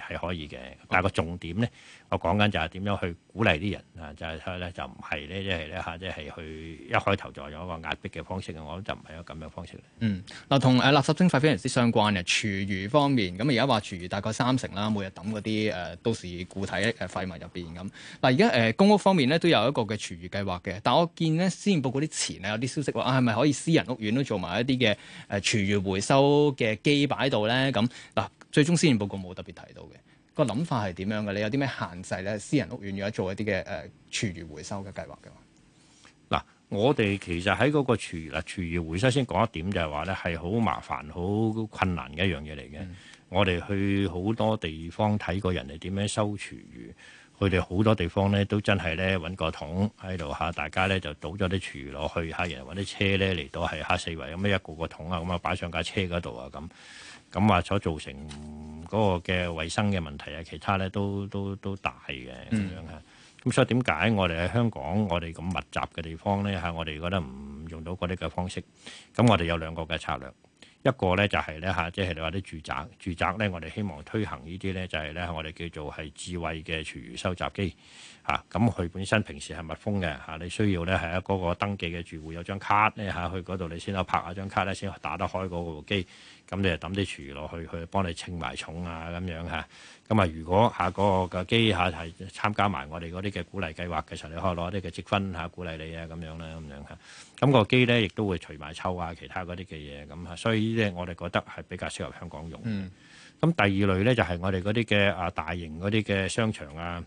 係 Okay. 可以嘅。但係個重點咧，我講緊就係點樣去鼓勵啲人啊，就係、是、咧就唔係咧，即係咧嚇，即係去一開頭就有一個壓迫嘅方式嘅，我諗就唔係一個咁嘅方式。方式。嗯，嗱，同、呃、誒垃圾徵費非常之相關嘅廚餘方面，咁而家話廚餘大概三成啦，每日抌嗰啲誒都市固體誒廢物入邊咁。嗱而家誒公屋方面咧，都有一個嘅廚餘計劃嘅。但我見呢，先報》嗰啲詞咧，有啲消息話啊，係咪可以私人屋苑都做埋一啲嘅誒廚餘回收嘅器擺度咧，咁嗱，最終施政報告冇特別提到嘅、嗰個諗法係點樣嘅？你有啲咩限制咧？私人屋苑要做一啲嘅誒廚餘回收嘅計劃嘅？嗱，我哋其實喺嗰個廚，廚餘嗱廚餘回收先講一點就，就係話咧係好麻煩、好困難嘅一樣嘢嚟嘅。嗯、我哋去好多地方睇過人哋點樣收廚餘。佢哋好多地方咧都真係咧揾個桶喺度嚇，大家咧就倒咗啲廚餘落去嚇，然後揾啲車咧嚟到係嚇，四圍咁咩一個個桶啊咁啊擺上架車嗰度啊咁，咁話所造成嗰個嘅衞生嘅問題啊，其他咧都都都大嘅咁、嗯、樣嚇。咁所以點解我哋喺香港我哋咁密集嘅地方咧，嚇我哋覺得唔用到嗰啲嘅方式，咁我哋有兩個嘅策略。一個咧就係咧嚇，即係你話啲住宅住宅咧，我哋希望推行呢啲咧，就係咧我哋叫做係智慧嘅廚餘收集機嚇。咁、啊、佢本身平時係密封嘅嚇、啊，你需要咧係一個登記嘅住戶有張卡咧嚇、啊，去嗰度你先可拍下張卡咧先打得開嗰個機。咁你就抌啲廚餘落去，去幫你稱埋重啊咁樣嚇。咁啊，如果下、啊嗰個嘅機下係、啊、參加埋我哋嗰啲嘅鼓勵計劃嘅時候，你可以攞啲嘅積分嚇鼓勵你啊咁樣啦咁樣嚇。咁、嗰個機咧亦都會除埋抽啊，其他嗰啲嘅嘢咁嚇。所以咧，我哋覺得係比較適合香港用。咁、嗯、第二類咧就係、係、我哋嗰啲嘅啊大型嗰啲嘅商場啊、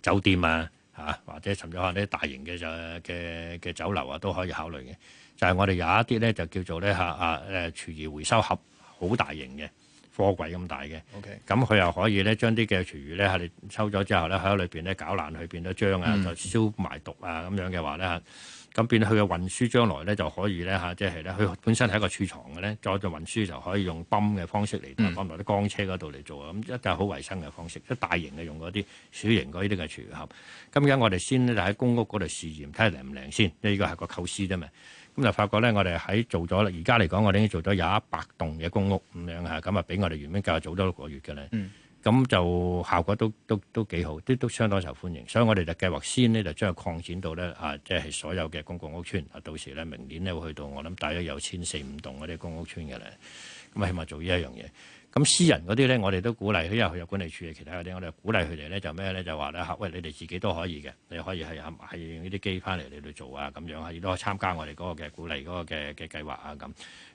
酒店啊嚇、啊，或者甚至可能啲大型嘅就嘅嘅酒樓啊都可以考慮嘅。但係我哋有一啲咧，就叫做咧吓啊誒，啊、廚餘回收盒好大型嘅貨櫃咁大嘅。咁佢 Okay. 又可以咧，將啲嘅廚餘咧，係你收咗之後咧，喺裏邊咧搞爛佢，變咗漿、嗯、啊，就燒埋毒啊咁樣嘅話咧，咁變咗佢嘅運輸，將來咧就可以咧嚇，即係咧佢本身係一個儲藏嘅咧，再做運輸就可以用泵嘅方式嚟放落啲光車嗰度嚟做啊。咁一定係好衞生嘅方式，即係大型嘅用嗰啲小型嗰啲嘅廚餘盒。今日我哋先咧就喺公屋嗰度試驗，睇下靈唔靈先。呢個係個構思啫嘛。咁就發覺咧，我哋喺做咗，而家嚟講，我哋已經做咗有一百棟嘅公屋咁樣嚇，咁啊俾我哋原本計劃做多六個月嘅咧，咁、嗯、就效果都都都幾好，都都相當受歡迎，所以我哋就計劃先呢，就將佢擴展到咧啊，即係所有嘅公共屋邨。啊，到時咧明年咧會去到我諗大約有千四五棟嗰啲公屋邨嘅咧，咁啊起碼做呢一樣嘢。咁私人嗰啲咧，我哋都鼓勵，因為佢有管理處嘅其他嗰啲，我哋鼓勵佢哋咧就咩咧，就話咧嚇，喂，你哋自己都可以嘅，你可以係嚇買呢啲機返嚟嚟嚟做啊，咁樣亦都可以參加我哋嗰個嘅鼓勵嗰個嘅嘅計劃啊咁。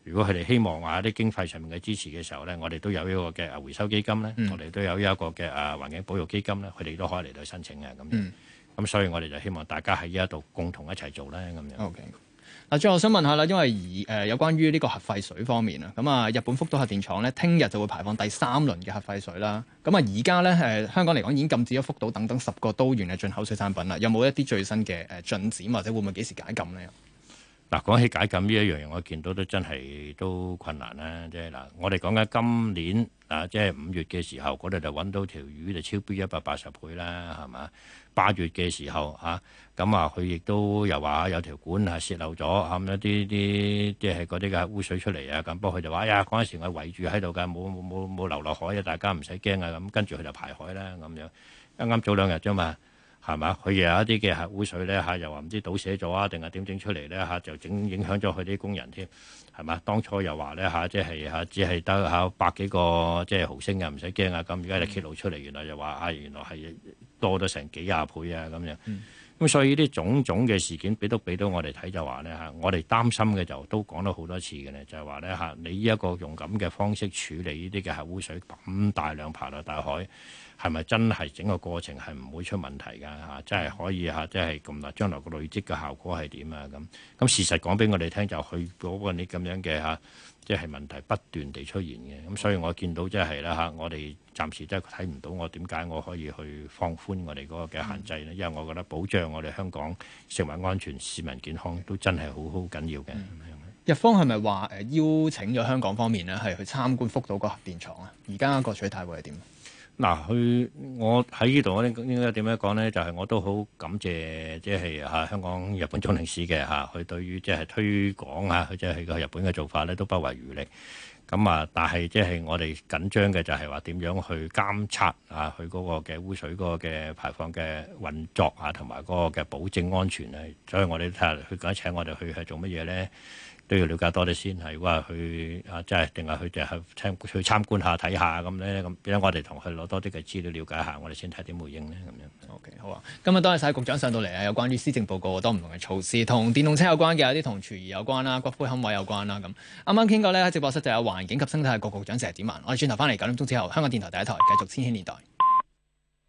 如果佢哋希望話啲經費上面嘅支持嘅時候咧，我哋都有呢個嘅回收基金咧，我哋都有呢一個嘅啊環境保育基金咧，佢哋都可以嚟到申請嘅咁。咁所以我哋就希望大家喺呢一度共同一齊做啦咁樣。OK。嗱，最後我想問下啦，因為而誒有關於呢個核廢水方面啊，咁啊日本福島核電廠咧，聽日就會排放第三輪嘅核廢水啦。咁啊，而家咧誒香港嚟講已經禁止咗福島等等十個都縣嘅進口水產品啦。有冇一啲最新嘅誒進展或者會唔會幾時解禁咧？嗱，講起解禁呢一樣嘢，我見到都真係都困難啦。即係嗱，我哋講緊今年啊，即係五月嘅時候，我哋就揾到條魚就超標一百八十倍啦，係嘛？八月嘅時候啊，咁啊，佢亦都又話有條管係泄漏咗，咁一啲啲即係嗰啲嘅污水出嚟啊。咁不過佢就話，哎呀，嗰陣時我圍住喺度㗎，冇冇冇冇流落海啊，大家唔使驚啊。咁跟住佢就排海啦，咁樣啱啱早兩日啫嘛。係嘛？佢又有一啲嘅核污水咧嚇、啊，又話唔知倒瀉咗啊，定係點整出嚟咧嚇？就整影響咗佢啲工人添，係嘛？當初又話咧嚇，即係嚇只係得百幾個即係毫升啊，唔使驚啊咁。而家你揭露出嚟，原來就話啊，原來係多咗成幾廿倍啊咁樣。咁、嗯、所以呢啲種種嘅事件俾到俾到我哋睇就話咧嚇，我哋擔心嘅就都講咗好多次嘅咧，就係話咧嚇，你呢一個用咁嘅方式處理呢啲嘅核污水咁大量排落大海。係咪真係整個過程係唔會出問題㗎？嚇、啊，真係可以嚇、啊，真係咁啊！將來個累積嘅效果係點啊？咁、啊、咁事實講俾我哋聽，就去嗰個啲咁樣嘅嚇、啊，即係問題不斷地出現嘅。咁、啊、所以我見到即係啦嚇，我哋暫時即係睇唔到我點解我可以去放寬我哋嗰個嘅限制呢？嗯、因為我覺得保障我哋香港食物安全、市民健康都真係好好緊要嘅。嗯、吧日方係咪話誒邀請咗香港方面呢？係去參觀福島個核電廠啊？而家個取態會係點？嗱，佢我喺呢度，我應應該點樣講咧？就係、是、我都好感謝，即係嚇香港日本總領事嘅嚇，佢、啊、對於即係推廣啊，佢即係佢日本嘅做法咧，都不遺餘力。咁啊，但係即係我哋緊張嘅就係話點樣去監察啊？佢嗰個嘅污水嗰個嘅排放嘅運作啊，同埋嗰個嘅保證安全啊。所以我哋睇下佢而家請我哋去係做乜嘢咧？都要了解多啲先係，如果係去啊，即係定係佢哋去去,去,去,去,去,去參觀下睇下咁咧，咁俾我哋同佢攞多啲嘅資料了解下，我哋先睇點回應咧咁樣。樣樣 OK，好啊，今日多謝晒局長上到嚟啊，有關於施政報告好多唔同嘅措施，同電動車有關嘅，有啲同廚餘有關啦，骨灰龕位有關啦咁。啱啱傾過喺直播室就有環境及生態局局,局長謝展寰。我哋轉頭翻嚟九點鐘之後，香港電台第一台繼續《千禧年代》。